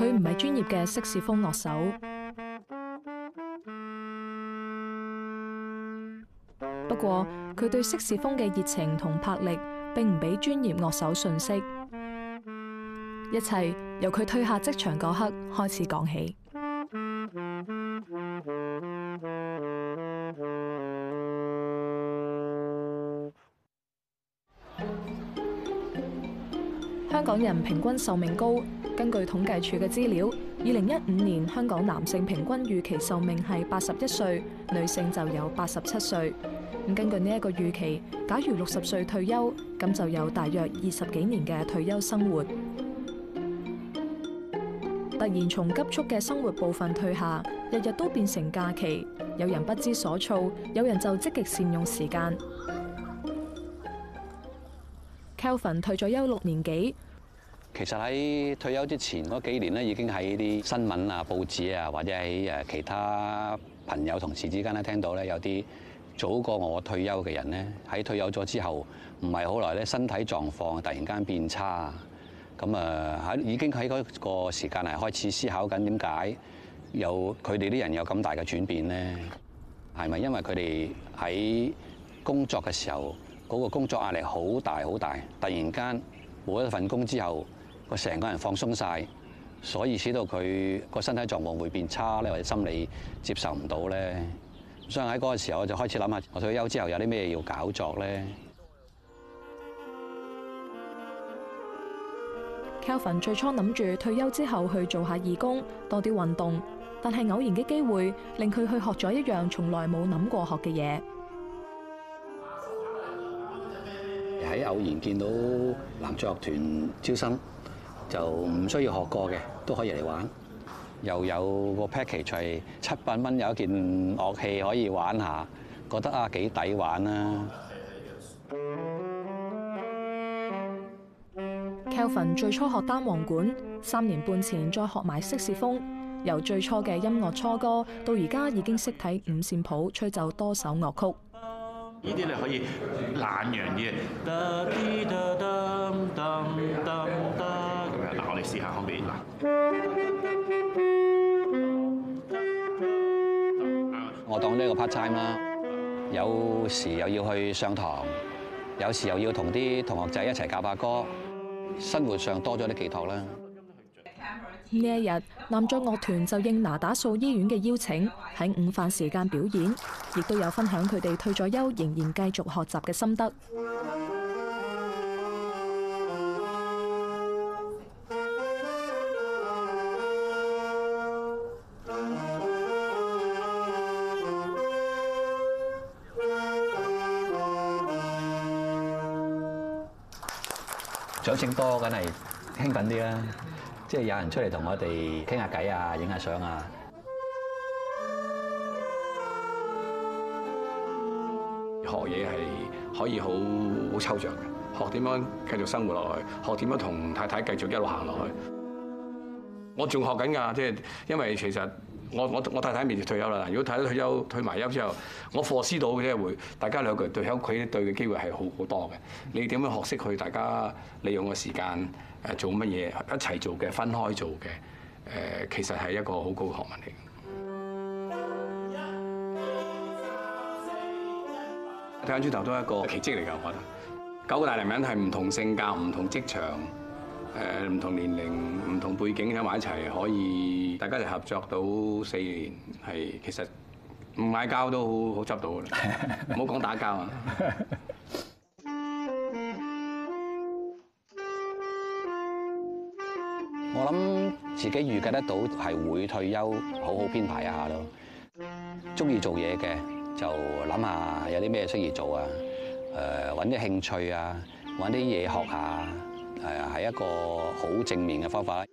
佢唔係專業嘅色士風樂手，不過佢對色士風嘅熱情同魄力，並唔比專業樂手遜色。一切由佢退下職場嗰刻開始講起。香港人平均壽命高，根據統計處嘅資料，二零一五年香港男性平均預期壽命係八十一歲，女性就有八十七歲。咁根據呢一個預期，假如六十歲退休，咁就有大約二十幾年嘅退休生活。突然從急速嘅生活部分退下，日日都變成假期。有人不知所措，有人就積極善用時間。Kelvin 退咗休六年幾。其實喺退休之前嗰幾年咧，已經喺啲新聞啊、報紙啊，或者喺誒其他朋友同事之間咧，聽到咧有啲早過我退休嘅人咧，喺退休咗之後，唔係好耐咧，身體狀況突然間變差，咁啊喺已經喺嗰個時間係開始思考緊點解有佢哋啲人有咁大嘅轉變咧？係咪因為佢哋喺工作嘅時候嗰個工作壓力好大好大，突然間冇一份工之後？我成個人放鬆晒，所以使到佢個身體狀況會變差咧，或者心理接受唔到咧。所以喺嗰個時候，我就開始諗下我退休之後有啲咩要搞作咧。Kelvin 最初諗住退休之後去做下義工，多啲運動，但係偶然嘅機會令佢去學咗一樣從來冇諗過學嘅嘢。喺偶然見到男作樂團招生。就唔需要學過嘅，都可以嚟玩。又有個 package 係七百蚊，有一件樂器可以玩下，覺得啊幾抵玩啊。Kelvin 最初學單簧管，三年半前再學埋色士風，由最初嘅音樂初哥，到而家已經識睇五線譜，吹奏多首樂曲。呢啲你可以兩樣嘢。 我當呢個 part time 啦，有時又要去上堂，有時又要同啲同學仔一齊教下歌，生活上多咗啲寄託啦。呢一日，男爵樂團就應那打素醫院嘅邀請，喺午飯時間表演，亦都有分享佢哋退咗休仍然繼續學習嘅心得。掌聲多，梗係興奮啲啦！即係有人出嚟同我哋傾下偈啊，影下相啊。學嘢係可以好好抽象嘅，學點樣繼續生活落去，學點樣同太太繼續一路行落去。我仲學緊㗎，即係因為其實。我我我太太面就退休啦。如果睇到退休退埋休之後，我課思到嘅機會，大家兩個人對喺屋企對嘅機會係好好多嘅。你點樣學識佢？大家利用個時間誒做乜嘢？一齊做嘅，分開做嘅誒，其實係一個好高嘅學問嚟。睇翻轉頭都係一個奇蹟嚟㗎，我覺得九個大男人係唔同性格、唔同職場。誒唔同年齡、唔同背景喺埋一齊，可以大家就合作到四年，係其實唔嗌交都好好執到嘅啦。唔好講打交啊！我諗自己預計得到係會退休，好好編排一下咯。鍾意做嘢嘅就諗下有啲咩適宜做啊！誒搵啲興趣啊，搵啲嘢學下。係啊，係一個好正面嘅方法。